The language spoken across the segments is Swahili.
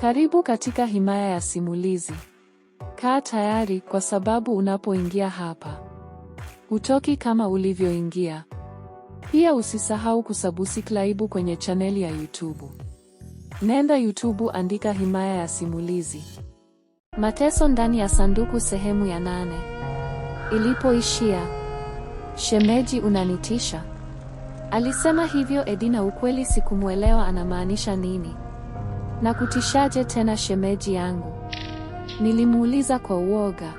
Karibu katika himaya ya simulizi. Kaa tayari kwa sababu unapoingia hapa hutoki kama ulivyoingia. Pia usisahau kusabusiklaibu kwenye chaneli ya YouTube. Nenda YouTube, andika himaya ya simulizi. Mateso ndani ya sanduku sehemu ya nane. Ilipoishia, shemeji unanitisha, alisema hivyo Edina. Ukweli sikumwelewa anamaanisha nini. Na kutishaje tena shemeji yangu? Nilimuuliza kwa uoga.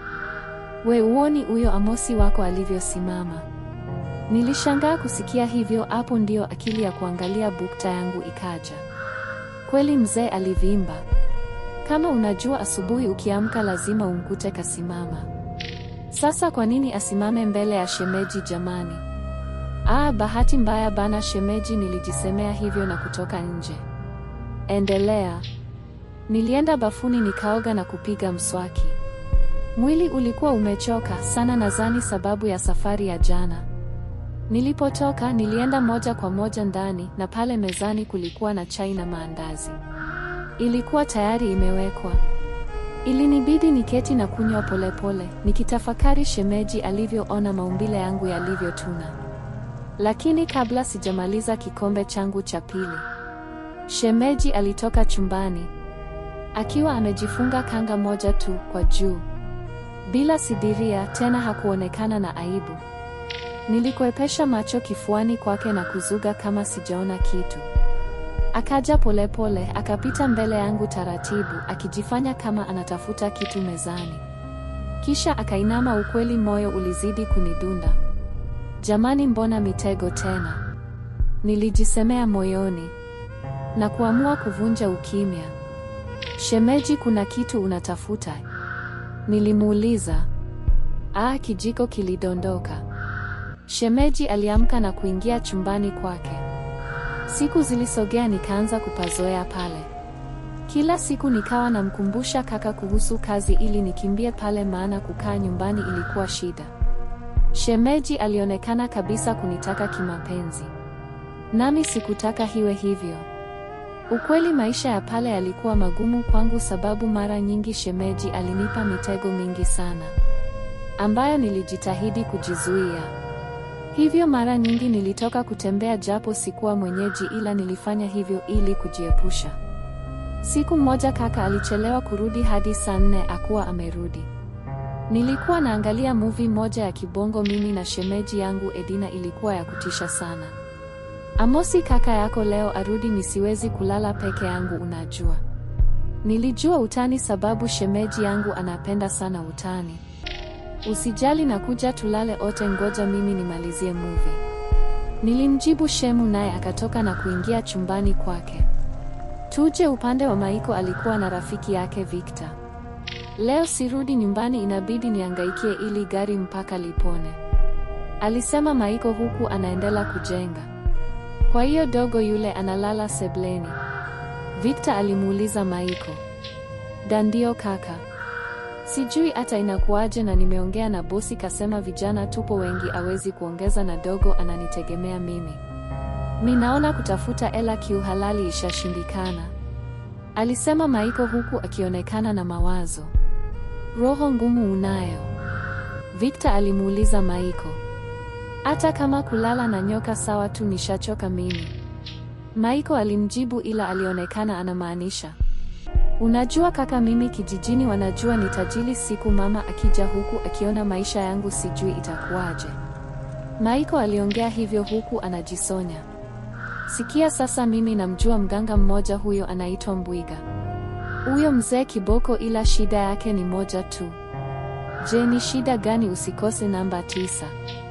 We uoni huyo Amosi wako alivyosimama? Nilishangaa kusikia hivyo. Hapo ndiyo akili ya kuangalia bukta yangu ikaja. Kweli mzee alivimba. Kama unajua asubuhi ukiamka lazima umkute kasimama. Sasa kwa nini asimame mbele ya shemeji jamani? Ah, bahati mbaya bana shemeji, nilijisemea hivyo na kutoka nje. Endelea. Nilienda bafuni nikaoga na kupiga mswaki. Mwili ulikuwa umechoka sana, nadhani sababu ya safari ya jana. Nilipotoka nilienda moja kwa moja ndani, na pale mezani kulikuwa na chai na maandazi. Ilikuwa tayari imewekwa. Ilinibidi niketi na kunywa polepole, nikitafakari shemeji alivyoona maumbile yangu yalivyotuna. Lakini kabla sijamaliza kikombe changu cha pili Shemeji alitoka chumbani akiwa amejifunga kanga moja tu kwa juu, bila sidiria tena. Hakuonekana na aibu. Nilikuepesha macho kifuani kwake na kuzuga kama sijaona kitu. Akaja polepole pole, akapita mbele yangu taratibu, akijifanya kama anatafuta kitu mezani, kisha akainama. Ukweli moyo ulizidi kunidunda. Jamani, mbona mitego tena? Nilijisemea moyoni na kuamua kuvunja ukimya. Shemeji, kuna kitu unatafuta? Nilimuuliza. Ah, kijiko kilidondoka. Shemeji aliamka na kuingia chumbani kwake. Siku zilisogea, nikaanza kupazoea pale. Kila siku nikawa namkumbusha kaka kuhusu kazi ili nikimbie pale, maana kukaa nyumbani ilikuwa shida. Shemeji alionekana kabisa kunitaka kimapenzi, nami sikutaka hiwe hivyo. Ukweli maisha ya pale yalikuwa magumu kwangu sababu mara nyingi shemeji alinipa mitego mingi sana ambayo nilijitahidi kujizuia. Hivyo mara nyingi nilitoka kutembea japo sikuwa mwenyeji ila nilifanya hivyo ili kujiepusha. Siku moja kaka alichelewa kurudi hadi saa nne akuwa amerudi. Nilikuwa naangalia movie moja ya kibongo mimi na shemeji yangu Edina ilikuwa ya kutisha sana. Amosi kaka yako leo arudi, nisiwezi kulala peke yangu, unajua. Nilijua utani sababu shemeji yangu anapenda sana utani. Usijali na kuja tulale ote, ngoja mimi nimalizie movie. Nilimjibu Shemu naye akatoka na kuingia chumbani kwake. Tuje upande wa Maiko alikuwa na rafiki yake Victor. Leo sirudi nyumbani, inabidi niangaikie ili gari mpaka lipone, alisema Maiko huku anaendelea kujenga. Kwa hiyo dogo yule analala sebleni? Victor alimuuliza Maiko. Dandio kaka, sijui hata inakuwaje, na nimeongea na bosi kasema vijana tupo wengi, awezi kuongeza na dogo ananitegemea mimi. naona kutafuta ela kiuhalali ishashindikana, alisema Maiko huku akionekana na mawazo. Roho ngumu unayo? Victor alimuuliza Maiko. Hata kama kulala na nyoka sawa tu, nishachoka mimi. Maiko alimjibu ila alionekana anamaanisha. Unajua kaka, mimi kijijini wanajua nitajili siku mama akija huku akiona maisha yangu sijui itakuwaje. Maiko aliongea hivyo huku anajisonya. Sikia sasa, mimi namjua mganga mmoja, huyo anaitwa Mbwiga. Huyo mzee kiboko, ila shida yake ni moja tu. Je, ni shida gani? Usikose namba tisa.